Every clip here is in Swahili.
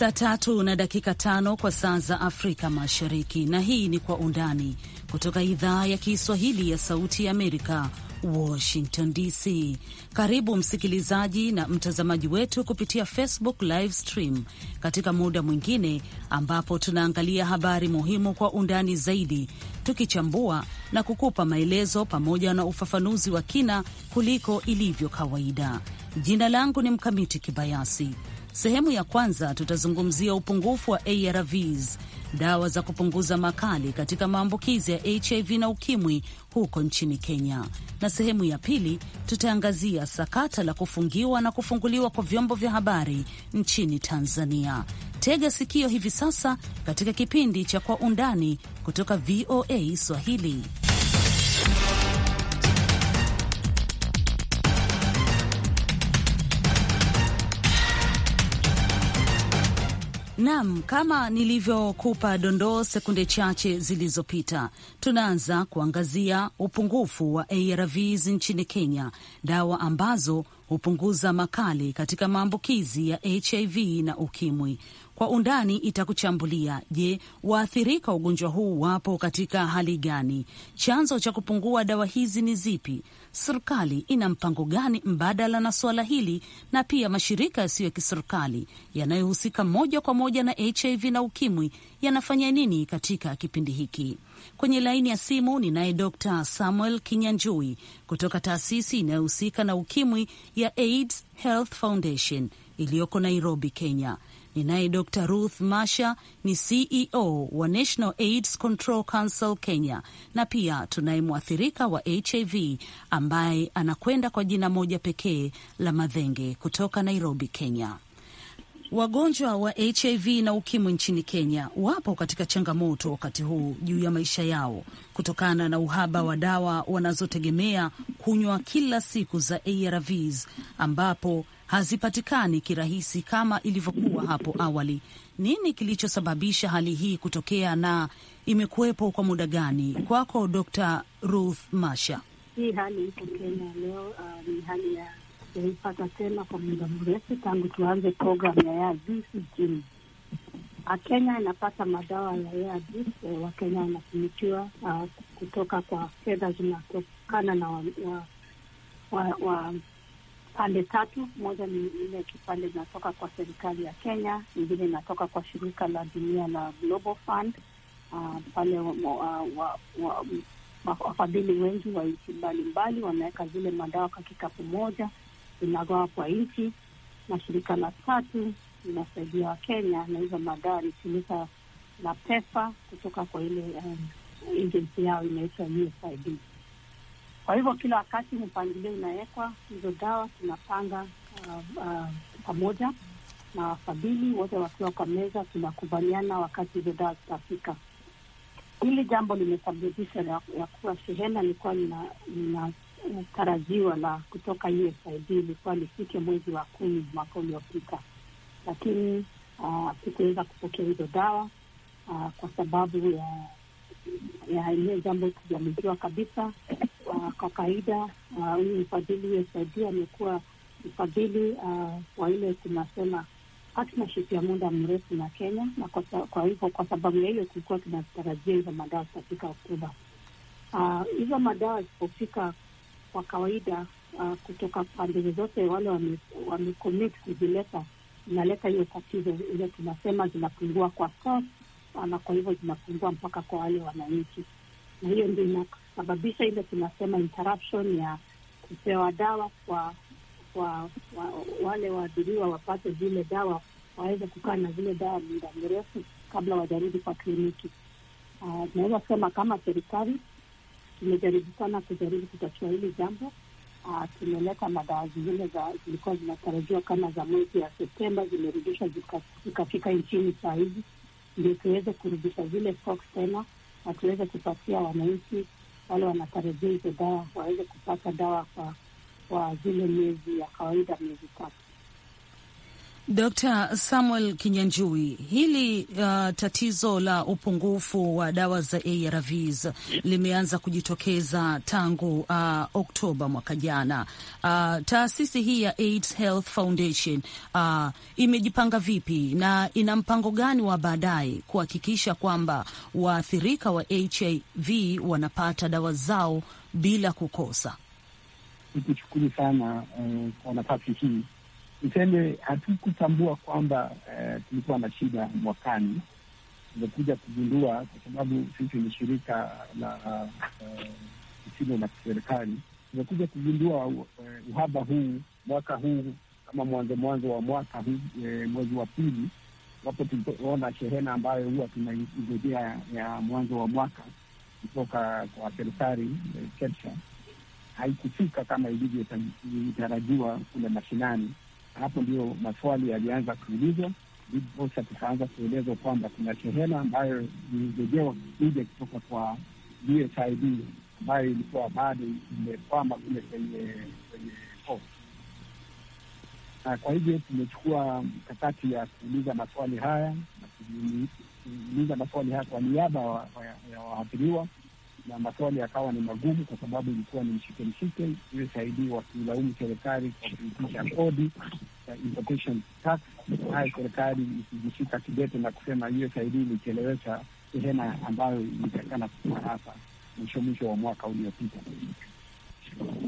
Saa tatu na dakika tano kwa saa za Afrika Mashariki, na hii ni Kwa Undani kutoka idhaa ya Kiswahili ya Sauti ya Amerika, Washington DC. Karibu msikilizaji na mtazamaji wetu kupitia Facebook live stream katika muda mwingine ambapo tunaangalia habari muhimu kwa undani zaidi, tukichambua na kukupa maelezo pamoja na ufafanuzi wa kina kuliko ilivyo kawaida. Jina langu ni Mkamiti Kibayasi Sehemu ya kwanza tutazungumzia upungufu wa ARVs, dawa za kupunguza makali katika maambukizi ya HIV na ukimwi huko nchini Kenya, na sehemu ya pili tutaangazia sakata la kufungiwa na kufunguliwa kwa vyombo vya habari nchini Tanzania. Tega sikio hivi sasa katika kipindi cha Kwa Undani kutoka VOA Swahili. Naam, kama nilivyokupa dondoo sekunde chache zilizopita, tunaanza kuangazia upungufu wa ARVs nchini Kenya, dawa ambazo hupunguza makali katika maambukizi ya HIV na ukimwi kwa undani itakuchambulia. Je, waathirika ugonjwa huu wapo katika hali gani? Chanzo cha kupungua dawa hizi ni zipi? Serikali ina mpango gani mbadala na suala hili, na pia mashirika yasiyo ya kiserikali yanayohusika moja kwa moja na HIV na ukimwi yanafanya nini katika kipindi hiki? Kwenye laini ya simu ninaye Dr Samuel Kinyanjui kutoka taasisi inayohusika na ukimwi ya AIDS Health Foundation iliyoko Nairobi, Kenya. Ninaye Dr Ruth Masha, ni CEO wa National AIDS Control Council Kenya, na pia tunaye mwathirika wa HIV ambaye anakwenda kwa jina moja pekee la Madhenge kutoka Nairobi, Kenya. Wagonjwa wa HIV na ukimwi nchini Kenya wapo katika changamoto wakati huu juu ya maisha yao kutokana na uhaba wa dawa wanazotegemea kunywa kila siku za ARVs ambapo hazipatikani kirahisi kama ilivyokuwa hapo awali. Nini kilichosababisha hali hii kutokea na imekuwepo kwa muda gani? Kwako Dr. Ruth Masha. Hii hali iko Kenya leo uh, ni hali ya kuipata tena kwa muda mrefu tangu tuanze programu ya ARVs nchini uh, Kenya. Inapata madawa ya ARVs, eh, Wakenya wanatumikiwa uh, kutoka kwa fedha zinatokana na wa, wa, wa, wa pande tatu. Moja ni ile kipande inatoka kwa serikali ya Kenya, ingine inatoka kwa shirika la dunia la Global Fund uh, pale wafadhili wengi wa nchi mbalimbali wanaweka zile madawa kwa kikapu moja, inagawa kwa nchi, na shirika la tatu inasaidia Wakenya na hizo madawa ni shirika la PEFA kutoka kwa ile um, agency yao inaitwa USAID. Kwa hivyo kila wakati mpangilio unawekwa hizo dawa tunapanga uh, uh, pamoja na wafadhili wote wakiwa kwa meza, tunakubaliana wakati hizo dawa zitafika. Hili jambo limesababisha ya kuwa shehena ilikuwa linatarajiwa la kutoka USAID ilikuwa lifike mwezi wa kumi mwaka uliopita, lakini hatukuweza uh, kupokea hizo dawa uh, kwa sababu ya ya ile jambo kujamiziwa kabisa kwa kawaida uh, huyu uh, mfadhili USAID amekuwa mfadhili uh, wa ile tunasema partnership ya muda mrefu na Kenya, na kwa, kwa hivyo kwa sababu ya hiyo kulikuwa tunatarajia hizo madawa zitafika Oktoba. Uh, hizo uh, madawa zilipofika, kwa kawaida uh, kutoka pande zozote wale wamecommit kuzileta, inaleta hiyo tatizo ile tunasema zinapungua kwa na kwa hivyo zinapungua mpaka kwa wale wananchi, na hiyo ndio kusababisha ile tunasema interruption ya kupewa dawa kwa kwa wale waadhiriwa wapate zile dawa, waweze kukaa na zile dawa muda mrefu kabla wajarudi kwa kliniki. Uh, sema kama serikali tumejaribu sana kujaribu kutatua hili jambo. Uh, tumeleta madawa zingine zilikuwa zinatarajiwa kama za mwezi ya Septemba zimerudishwa zikafika nchini saa hizi, ndio tuweze kurudisha zile tena na tuweze kupatia wananchi wale wanatarajia hizo dawa waweze kupata dawa kwa, kwa zile miezi ya kawaida miezi tatu. Dr. Samuel Kinyanjui, hili uh, tatizo la upungufu wa dawa za ARVs limeanza kujitokeza tangu uh, Oktoba mwaka jana. Uh, taasisi hii ya AIDS Health Foundation uh, imejipanga vipi na ina mpango gani wa baadaye kuhakikisha kwamba waathirika wa HIV wanapata dawa zao bila kukosa? Nikushukuru sana kwa eh, kwa nafasi hii niseme hatukutambua kwamba eh, tulikuwa na shida mwakani. Tumekuja kugundua kwa sababu sisi ni shirika la lisilo eh, uh, la kiserikali. Tumekuja kugundua uh, uhaba huu mwaka huu kama mwanzo mwanzo wa mwaka huu eh, mwezi wa pili wapo tulipoona shehena ambayo huwa tunaingojea ya mwanzo wa mwaka kutoka kwa serikali eh, haikufika kama ilivyotarajiwa kule mashinani. Hapo ndio maswali yalianza kuulizwa, tukaanza kuelezwa kwamba kuna shehena ambayo ilirejewa kuja kutoka kwa USAID ambayo ilikuwa bado imekwama kule kwenye kwenye post. Na kwa hivyo tumechukua mkakati ya kuuliza maswali haya na kuuliza maswali haya kwa niaba ya waathiriwa na maswali yakawa ni magumu, kwa sababu ilikuwa ni mshike mshike, hiyo saidii wakilaumu serikali kwa kuitisha kodi importation tax, serikali ikijishika kidete na kusema hiyo saidii ilichelewesha sehema ambayo ilitakana kufarasa mwisho mwisho wa mwaka uliopita.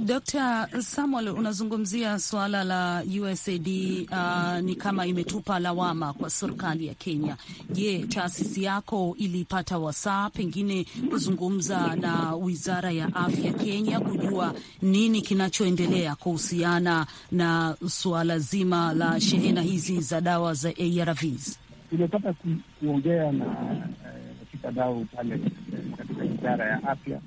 Dr. Samuel, unazungumzia suala la USAID uh, ni kama imetupa lawama kwa serikali ya Kenya. Je, taasisi yako ilipata wasaa pengine kuzungumza na Wizara ya Afya Kenya kujua nini kinachoendelea kuhusiana na suala zima la shehena hizi za dawa za ARVs? Tumepata kuongea na eh, katika dau pale eh, katika Wizara ya Afya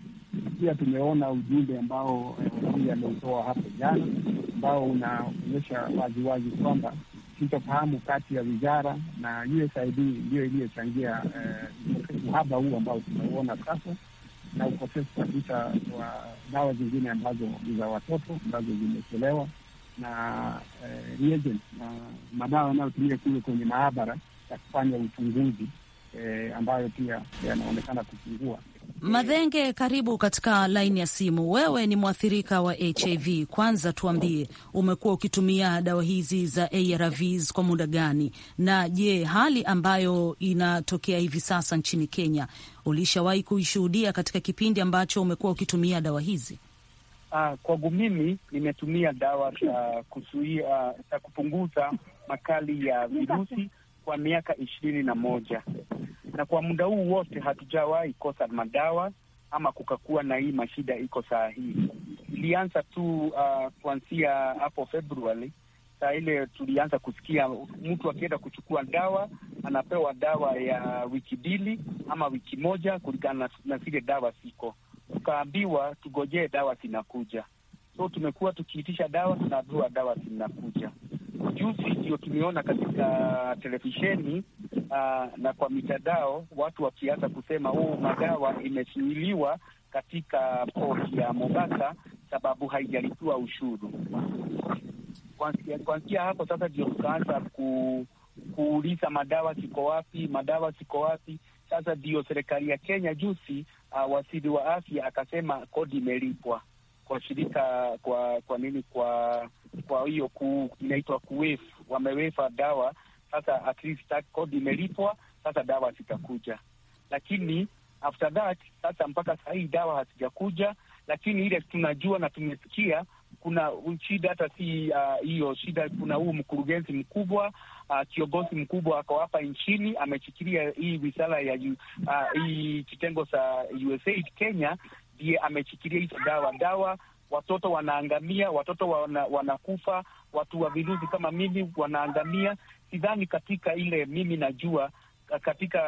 pia tumeona ujumbe ambao hii eh, ameutoa hapo jana, ambao unaonyesha waziwazi kwamba sintofahamu kati ya wizara na USAID ndiyo iliyochangia eh, uhaba huu ambao tunauona sasa na ukosefu kabisa wa dawa zingine ambazo ni za watoto ambazo zimetolewa na eh, reagent na madawa yanayotumia kule kwenye maabara ya kufanya uchunguzi e, ambayo pia yanaonekana kupungua. Madhenge, karibu katika laini ya simu. Wewe ni mwathirika wa HIV, kwanza tuambie, umekuwa ukitumia dawa hizi za ARVs kwa muda gani? Na je, hali ambayo inatokea hivi sasa nchini Kenya ulishawahi kuishuhudia katika kipindi ambacho umekuwa ukitumia dawa hizi? Ah, kwangu mimi nimetumia dawa za kuzuia za kupunguza makali ya virusi kwa miaka ishirini na moja na kwa muda huu wote hatujawahi kosa madawa ama kukakuwa na hii mashida iko saa hii. Ilianza tu uh, kuanzia hapo Februari saa ile tulianza kusikia mtu akienda kuchukua dawa anapewa dawa ya wiki mbili ama wiki moja kulingana na zile dawa ziko tukaambiwa tugojee dawa zinakuja. So tumekuwa tukiitisha dawa, tunaambiwa dawa zinakuja juzi ndio tumeona katika televisheni uh, na kwa mitandao watu wakianza kusema oh, madawa imezuiliwa katika poti ya Mombasa sababu haijalipiwa ushuru. Kuanzia hapo sasa ndio tukaanza ku, kuuliza madawa ziko wapi? Madawa ziko wapi? Sasa ndio serikali ya Kenya juzi, uh, waziri wa afya akasema kodi imelipwa kwa shirika kwa kwa nini kwa kwa hiyo ku, inaitwa kuwef wamewefa dawa sasa, at least kodi imelipwa sasa, dawa zitakuja, lakini after that sasa mpaka saa hii dawa hazijakuja, lakini ile tunajua na tumesikia kuna shida hata si ah, hiyo uh, shida. Kuna huu mkurugenzi mkubwa uh, kiongozi mkubwa ako hapa nchini amechikilia hii wizara ya uh, hii kitengo cha USAID Kenya, ndiye amechikilia hizo dawa dawa watoto wanaangamia, watoto wana, wanakufa, watu wa viruzi kama mimi wanaangamia. Sidhani katika ile mimi najua katika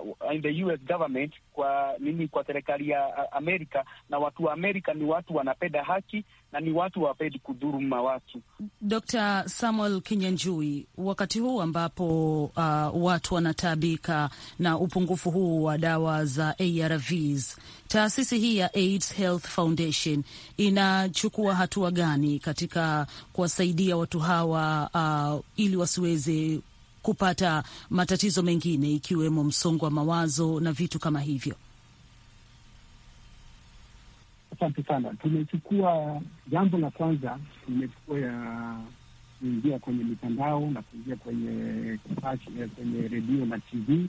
uh, in the US government kwa nini, kwa serikali ya uh, Amerika na watu wa Amerika ni watu wanapenda haki na ni watu wapendi kudhuru watu. Dr. Samuel Kinyanjui, wakati huu ambapo uh, watu wanataabika na upungufu huu wa dawa za ARVs, taasisi hii ya AIDS Health Foundation inachukua hatua gani katika kuwasaidia watu hawa uh, ili wasiweze kupata matatizo mengine ikiwemo msongo wa mawazo na vitu kama hivyo? Asante sana. Tumechukua jambo la kwanza, tumechukua ya kuingia kwenye mitandao na kuingia kwenye eh, kwenye redio na TV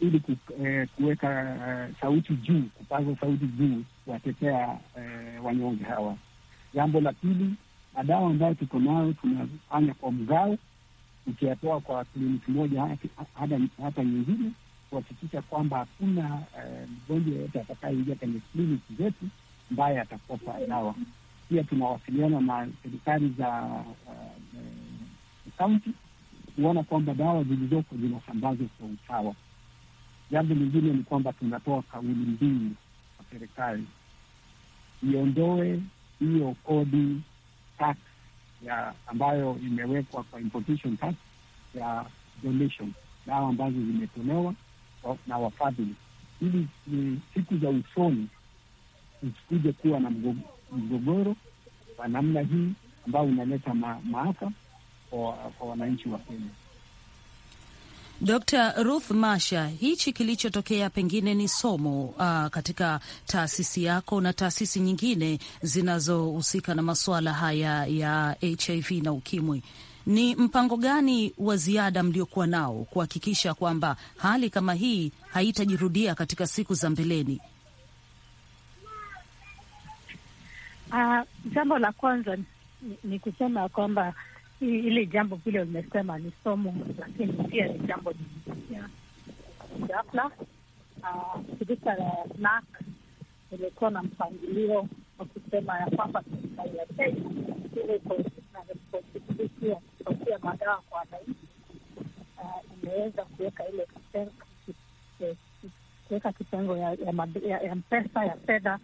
ili eh, kuweka uh, sauti juu, kupaza sauti juu, kuwatetea eh, wanyonge hawa. Jambo la pili, madawa ambayo tuko nayo tunafanya kwa mgao, tukiyatoa kwa kliniki moja hata nyingine, kuhakikisha kwamba hakuna mgonjwa uh, yoyote atakayeingia kwenye kliniki zetu ambaye atakosa dawa. Pia tunawasiliana na serikali za kaunti uh, uh, kuona kwamba dawa zilizoko zinasambazwa kwa usawa. Jambo lingine ni kwamba tunatoa kauli mbili kwa serikali iondoe hiyo kodi tax ya ambayo imewekwa kwa importation tax ya donation dawa ambazo zimetolewa na wafadhili, ili eh, siku za usoni usikuje kuwa na mgogoro wa namna hii ambao unaleta ma, maafa kwa wananchi wa Kenya. Dr. Ruth Masha, hichi kilichotokea pengine ni somo uh, katika taasisi yako na taasisi nyingine zinazohusika na masuala haya ya HIV na ukimwi. Ni mpango gani wa ziada mliokuwa nao kuhakikisha kwamba hali kama hii haitajirudia katika siku za mbeleni? Ah, jambo la kwanza ni, ni kusema kwamba ili jambo vile umesema ni somo, lakini pia ni jambo ghafla. Ah, shirika la NAC ilikuwa na mpangilio wa kusema ya kwamba serikali ya Kenya ile ya kupatia madawa kwa wananchi, ah, imeweza kuweka ile eh, kuweka kitengo ya mpesa ya fedha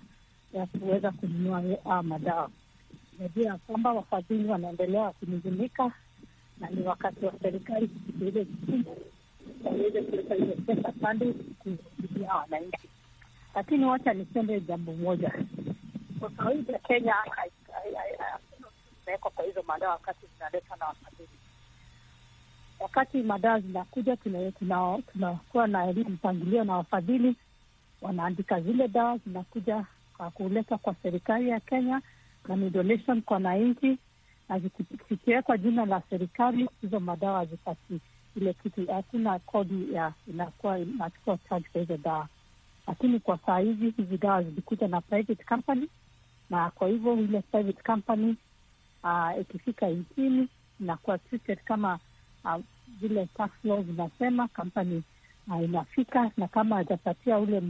ya kuweza kununua haya ah, madawa. Najua ya kwamba wafadhili wanaendelea kunizimika na ni wakati wa serikali kusikiliza vizuri waweze kuweka hiyo pesa kando kusaidia wananchi. Lakini wacha niseme jambo moja, kwa kawaida Kenya imewekwa kwa hizo madawa wakati zinaletwa na wafadhili. Wakati madawa zinakuja, tunakuwa na mpangilio na wafadhili wanaandika zile dawa zinakuja kwa kuletwa kwa serikali ya Kenya na midolation kwa wananchi, na zikiwekwa jina la serikali, hizo madawa hazipati ile kitu, hakuna kodi ya inakuwa inachukua charge kwa hizo dawa. Lakini kwa saa hizi hizi dawa zilikuja na private company, na kwa hivyo ile private company ah, ikifika uh, nchini inakuwa treated kama ah, zile uh, tax zinasema, kampani uh, ah, inafika na kama hajapatia ule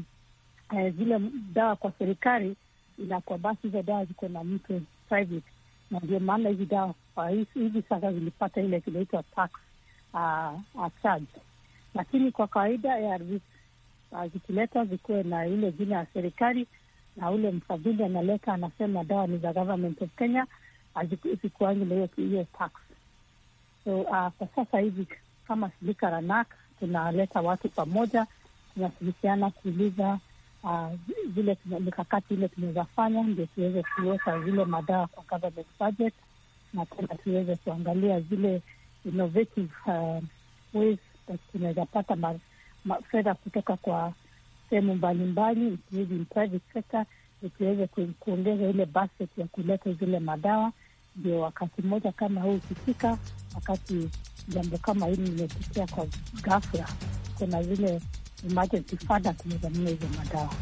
eh, zile dawa kwa serikali, ila kwa basi hizo dawa ziko na mtu private, na ndio maana hizi dawa hivi sasa zilipata ile kinaitwa tax uh, charge, lakini kwa kawaida ARVs uh, ah, zikileta zikuwe na ile jina ya serikali na ule mfadhili analeta anasema dawa ni za government of Kenya, zikuangi na hiyo tax. So uh, kwa sasa hivi kama shirika la tunaleta watu pamoja, tunashirikiana kuuliza zile ah, mikakati ile tunawezafanya ndio tuweze kuweka zile madawa kwa government budget, na tena tuweze kuangalia zile innovative uh, ways tunaweza pata fedha kutoka kwa sehemu mbalimbali, ikiwezi private sector, ikiweze kuongeza ile basket ya kuleta zile madawa, ndio wakati mmoja kama huu ukifika, wakati jambo kama hili limetokea kwa ghafla, kuna zile emergency further hizo madawa.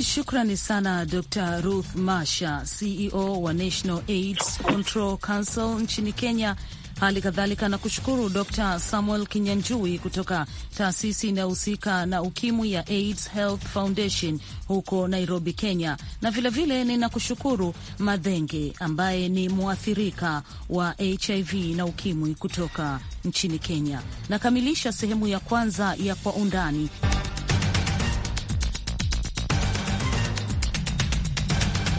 Shukrani sana Dr Ruth Masha, CEO wa National AIDS Control Council nchini Kenya. Hali kadhalika na kushukuru Dr Samuel Kinyanjui kutoka taasisi inayohusika na ukimwi ya AIDS Health Foundation huko Nairobi, Kenya, na vilevile ninakushukuru Madhenge ambaye ni mwathirika wa HIV na ukimwi kutoka nchini Kenya. Nakamilisha sehemu ya kwanza ya Kwa Undani.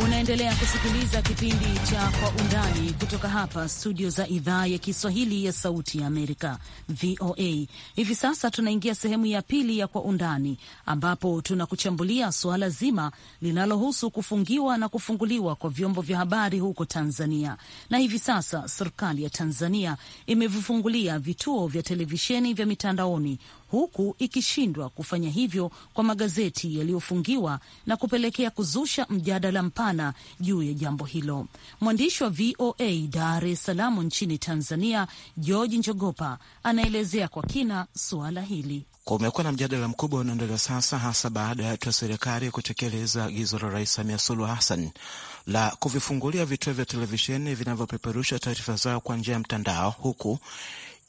Unaendelea kusikiliza kipindi cha Kwa Undani kutoka hapa studio za idhaa ya Kiswahili ya Sauti ya Amerika, VOA. Hivi sasa tunaingia sehemu ya pili ya Kwa Undani, ambapo tunakuchambulia suala zima linalohusu kufungiwa na kufunguliwa kwa vyombo vya habari huko Tanzania. Na hivi sasa serikali ya Tanzania imevifungulia vituo vya televisheni vya mitandaoni huku ikishindwa kufanya hivyo kwa magazeti yaliyofungiwa na kupelekea kuzusha mjadala mpana juu ya jambo hilo. Mwandishi wa VOA Dar es Salaam nchini Tanzania, George Njogopa anaelezea kwa kina suala hili. Kumekuwa na mjadala mkubwa unaendelea sasa, hasa baada ya hatua ya serikali kutekeleza agizo la Rais Samia Suluhu Hassan la kuvifungulia vituo vya televisheni vinavyopeperusha taarifa zao kwa njia ya mtandao, huku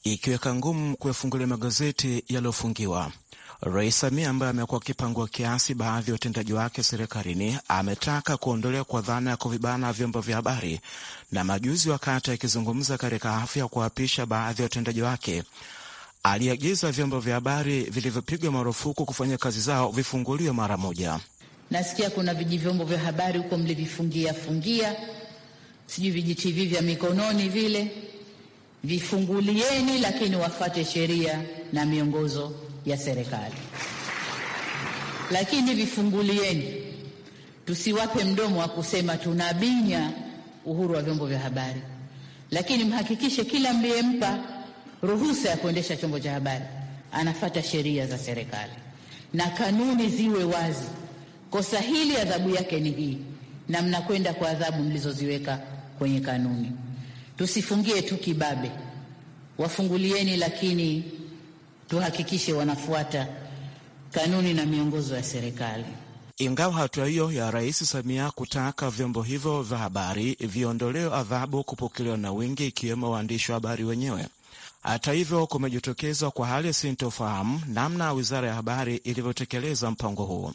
ikiweka ngumu kuyafungulia magazeti yaliyofungiwa. Rais Samia ambaye amekuwa akipangua kiasi baadhi ya utendaji wake serikalini ametaka kuondolewa kwa dhana ya kuvibana vyombo vya habari, na majuzi, wakati akizungumza katika hafla ya kuapisha baadhi ya utendaji wake, aliagiza vyombo vya habari vilivyopigwa marufuku kufanya kazi zao vifunguliwe mara moja. Nasikia kuna viji vyombo vya habari huko mlivifungia fungia, sijui viji TV vya mikononi vile vifungulieni, lakini wafate sheria na miongozo ya serikali. Lakini vifungulieni, tusiwape mdomo wa kusema tunabinya uhuru wa vyombo vya habari, lakini mhakikishe kila mliyempa ruhusa ya kuendesha chombo cha habari anafata sheria za serikali na kanuni ziwe wazi. Kosa hili adhabu yake ni hii, na mnakwenda kwa adhabu mlizoziweka kwenye kanuni. Tusifungie tu kibabe, wafungulieni, lakini tuhakikishe wanafuata kanuni na miongozo ya serikali. Ingawa hatua hiyo ya Rais Samia kutaka vyombo hivyo vya habari viondolewe adhabu kupokelewa na wingi, ikiwemo waandishi wa habari wenyewe. Hata hivyo, kumejitokezwa kwa hali sintofahamu namna wizara ya habari ilivyotekeleza mpango huo.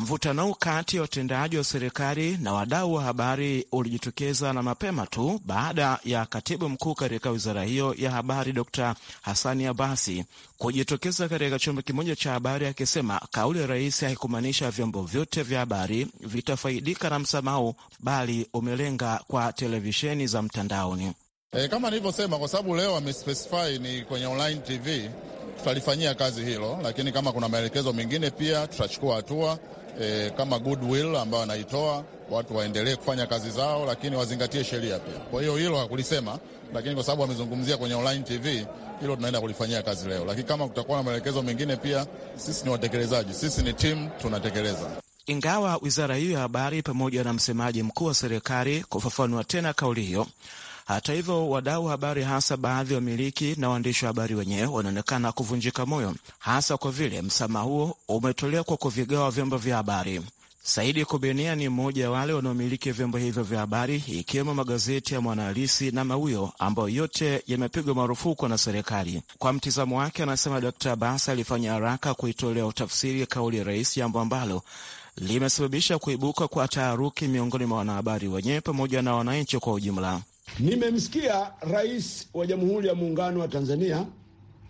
Mvutano kati ya watendaji wa serikali na wadau wa habari ulijitokeza na mapema tu baada ya katibu mkuu katika wizara hiyo ya habari Dr Hasani Abasi kujitokeza katika chombo kimoja cha habari akisema kauli ya rais haikumaanisha vyombo vyote vya habari vitafaidika na msamaha bali umelenga kwa televisheni za mtandaoni. E, kama nilivyosema, kwa sababu leo amespesify ni kwenye online TV, tutalifanyia kazi hilo, lakini kama kuna maelekezo mengine pia tutachukua hatua e, kama goodwill ambayo anaitoa watu waendelee kufanya kazi zao, lakini wazingatie sheria pia. Kwa hiyo hilo hakulisema, lakini kwa sababu wamezungumzia kwenye online TV, hilo tunaenda kulifanyia kazi leo, lakini kama kutakuwa na maelekezo mengine pia, sisi ni watekelezaji, sisi ni timu, tunatekeleza. Ingawa wizara hiyo ya habari pamoja na msemaji mkuu wa serikali kufafanua tena kauli hiyo hata hivyo, wadau wa habari, hasa baadhi ya wamiliki na waandishi wa habari wenyewe, wanaonekana kuvunjika moyo, hasa kwa vile msamaha huo umetolewa kwa kuvigawa vyombo vya habari. Saidi Kubenia ni mmoja wa wale wanaomiliki vyombo hivyo vya habari ikiwemo magazeti ya Mwanahalisi na Mawio ambayo yote yamepigwa marufuku na serikali. Kwa mtizamo wake, anasema Dkt Abas alifanya haraka kuitolea utafsiri kauli ya rais, jambo ambalo limesababisha kuibuka kwa taharuki miongoni mwa wanahabari wenyewe pamoja na wananchi kwa ujumla. Nimemsikia Rais wa Jamhuri ya Muungano wa Tanzania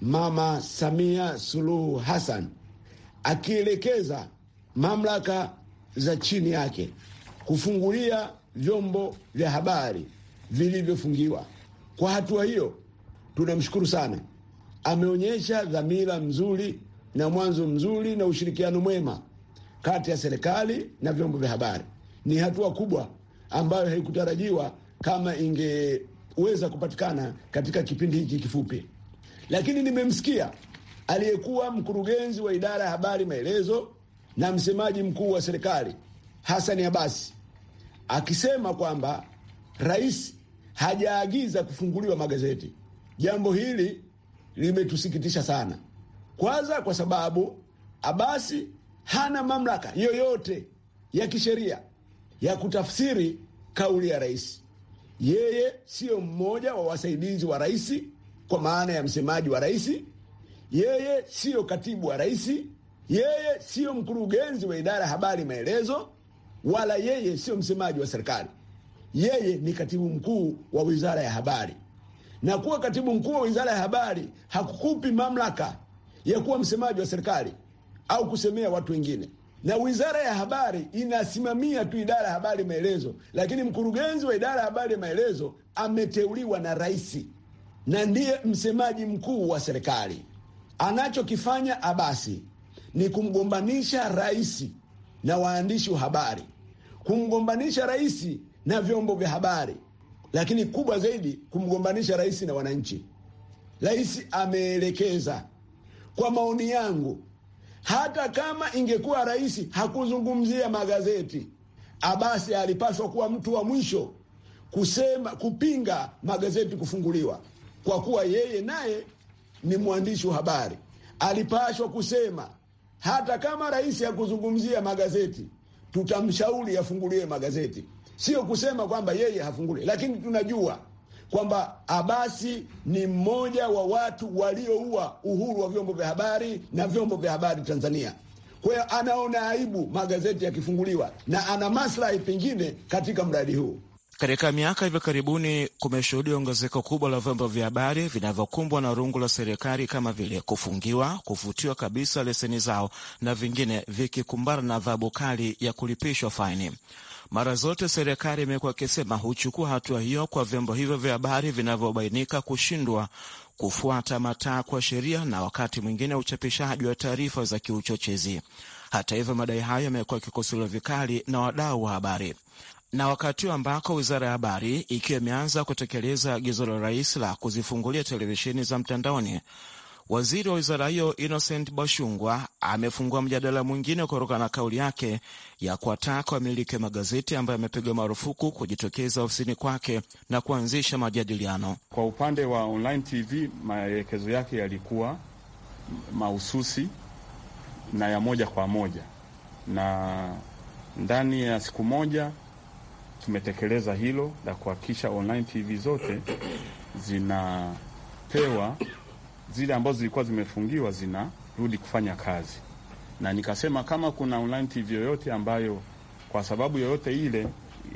Mama Samia Suluhu Hassan akielekeza mamlaka za chini yake kufungulia vyombo vya habari vilivyofungiwa. Kwa hatua hiyo, tunamshukuru sana. Ameonyesha dhamira mzuri na mwanzo mzuri na ushirikiano mwema kati ya serikali na vyombo vya habari. Ni hatua kubwa ambayo haikutarajiwa kama ingeweza kupatikana katika kipindi hiki kifupi. Lakini nimemsikia aliyekuwa mkurugenzi wa idara ya habari maelezo na msemaji mkuu wa serikali Hasani Abasi akisema kwamba rais hajaagiza kufunguliwa magazeti. Jambo hili limetusikitisha sana. Kwanza kwa sababu Abasi hana mamlaka yoyote ya kisheria ya kutafsiri kauli ya rais. Yeye siyo mmoja wa wasaidizi wa rais kwa maana ya msemaji wa rais. Yeye siyo katibu wa rais. Yeye siyo mkurugenzi wa idara ya habari maelezo, wala yeye siyo msemaji wa serikali. Yeye ni katibu mkuu wa wizara ya habari, na kuwa katibu mkuu wa wizara ya habari hakukupi mamlaka ya kuwa msemaji wa serikali au kusemea watu wengine na wizara ya habari inasimamia tu idara ya habari maelezo, lakini mkurugenzi wa idara ya habari maelezo ameteuliwa na rais na ndiye msemaji mkuu wa serikali. Anachokifanya Abasi ni kumgombanisha rais na waandishi wa habari, kumgombanisha rais na vyombo vya habari, lakini kubwa zaidi kumgombanisha rais na wananchi. Rais ameelekeza, kwa maoni yangu hata kama ingekuwa rais hakuzungumzia magazeti, Abasi alipaswa kuwa mtu wa mwisho kusema kupinga magazeti kufunguliwa, kwa kuwa yeye naye ni mwandishi wa habari. Alipaswa kusema hata kama rais hakuzungumzia magazeti, tutamshauri afungulie magazeti, sio kusema kwamba yeye hafungulie, lakini tunajua kwamba Abasi ni mmoja wa watu walioua uhuru wa vyombo vya habari na vyombo vya habari Tanzania. Kwa hiyo anaona aibu magazeti yakifunguliwa na ana maslahi pengine katika mradi huu. Katika miaka hivi karibuni kumeshuhudia ongezeko kubwa la vyombo vya habari vinavyokumbwa na rungu la serikali kama vile kufungiwa, kufutiwa kabisa leseni zao na vingine vikikumbana na adhabu kali ya kulipishwa faini. Mara zote serikali imekuwa ikisema huchukua hatua hiyo kwa vyombo hivyo vya habari vinavyobainika kushindwa kufuata matakwa sheria na wakati mwingine uchapishaji wa taarifa za kiuchochezi. Hata hivyo, madai hayo yamekuwa yakikosolewa vikali na wadau wa habari na wakati huu ambako wizara ya habari ikiwa imeanza kutekeleza agizo la rais la kuzifungulia televisheni za mtandaoni, Waziri wa wizara hiyo Innocent Bashungwa amefungua mjadala mwingine kutokana na kauli yake ya kuwataka wamiliki ya magazeti ambayo amepigwa marufuku kujitokeza ofisini kwake na kuanzisha majadiliano. Kwa upande wa online TV, maelekezo yake yalikuwa mahususi na ya moja kwa moja, na ndani ya siku moja tumetekeleza hilo la kuhakikisha online TV zote zinapewa zile ambazo zilikuwa zimefungiwa zinarudi kufanya kazi, na nikasema kama kuna online TV yoyote ambayo kwa sababu yoyote ile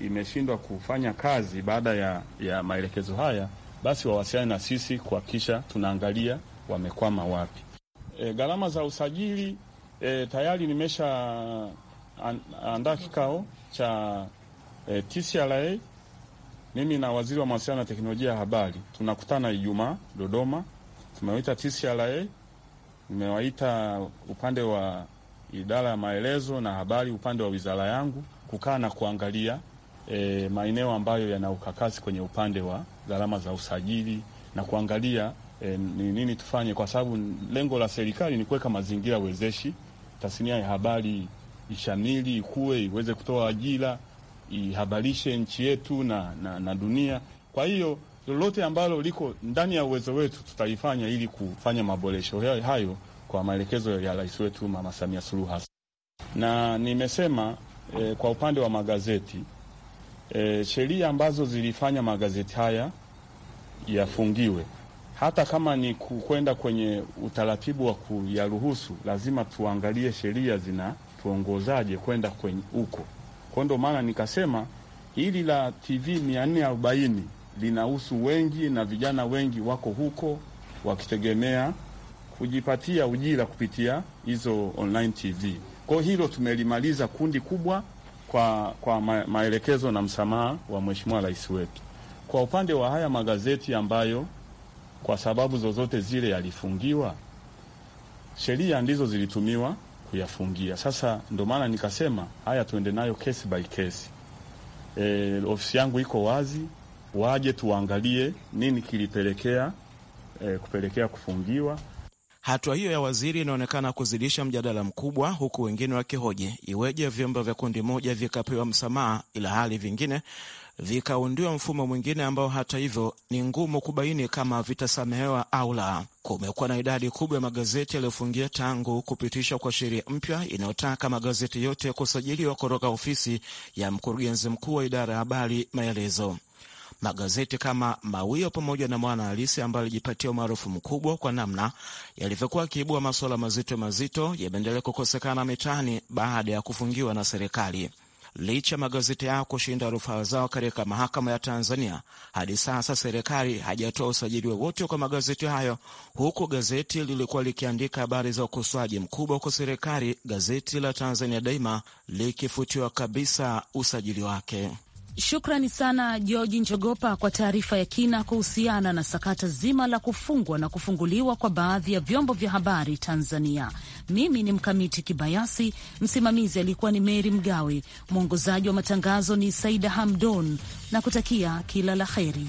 imeshindwa kufanya kazi baada ya, ya maelekezo haya, basi wawasiliane na sisi kuhakikisha tunaangalia wamekwama wapi. E, gharama za usajili e, tayari nimesha andaa kikao cha e, TCRA mimi na waziri wa mawasiliano na teknolojia ya habari tunakutana Ijumaa Dodoma tumewaita TCRA, nimewaita upande wa idara ya maelezo na habari, upande wa wizara yangu kukaa na kuangalia e, maeneo ambayo yana ukakasi kwenye upande wa gharama za usajili na kuangalia e, ni nini tufanye, kwa sababu lengo la serikali ni kuweka mazingira wezeshi, tasnia ya habari ishamili, ikuwe iweze kutoa ajira, ihabarishe nchi yetu na, na, na dunia. Kwa hiyo lolote ambalo liko ndani ya uwezo wetu tutaifanya ili kufanya maboresho hayo kwa maelekezo ya rais wetu Mama Samia Suluhu Hassan. Na nimesema eh, kwa upande wa magazeti e, sheria ambazo zilifanya magazeti haya yafungiwe, hata kama ni kwenda kwenye utaratibu wa kuyaruhusu, lazima tuangalie sheria zinatuongozaje kwenda kwenye huko. Kwa ndo maana nikasema hili la TV 440 linahusu wengi, na vijana wengi wako huko wakitegemea kujipatia ujira kupitia hizo online TV. Kwa hilo tumelimaliza kundi kubwa kwa, kwa maelekezo na msamaha wa Mheshimiwa Rais wetu. Kwa upande wa haya magazeti ambayo kwa sababu zozote zile yalifungiwa, sheria ndizo zilitumiwa kuyafungia. Sasa ndo maana nikasema haya tuende nayo case by case. E, ofisi yangu iko wazi waje tuangalie nini kilipelekea e, kupelekea kufungiwa. Hatua hiyo ya waziri inaonekana kuzidisha mjadala mkubwa, huku wengine wakihoji iweje vyombo vya kundi moja vikapewa msamaha ila hali vingine vikaundiwa mfumo mwingine ambao hata hivyo ni ngumu kubaini kama vitasamehewa au la. Kumekuwa na idadi kubwa ya magazeti yaliyofungia tangu kupitishwa kwa sheria mpya inayotaka magazeti yote kusajiliwa kutoka ofisi ya mkurugenzi mkuu wa idara ya habari Maelezo magazeti kama Mawio pamoja na Mwana Halisi ambayo alijipatia umaarufu mkubwa kwa namna yalivyokuwa akiibua masuala mazito mazito yameendelea kukosekana mitaani baada ya kufungiwa na serikali. Licha magazeti yao kushinda rufaa zao katika mahakama ya Tanzania, hadi sasa serikali hajatoa usajili wowote kwa magazeti hayo, huku gazeti lilikuwa likiandika habari za ukosoaji mkubwa kwa serikali, gazeti la Tanzania Daima likifutiwa kabisa usajili wake. Shukrani sana Georgi Njogopa kwa taarifa ya kina kuhusiana na sakata zima la kufungwa na kufunguliwa kwa baadhi ya vyombo vya habari Tanzania. Mimi ni Mkamiti Kibayasi, msimamizi alikuwa ni Meri Mgawe, mwongozaji wa matangazo ni Saida Hamdon, na kutakia kila la heri.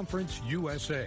Conference USA.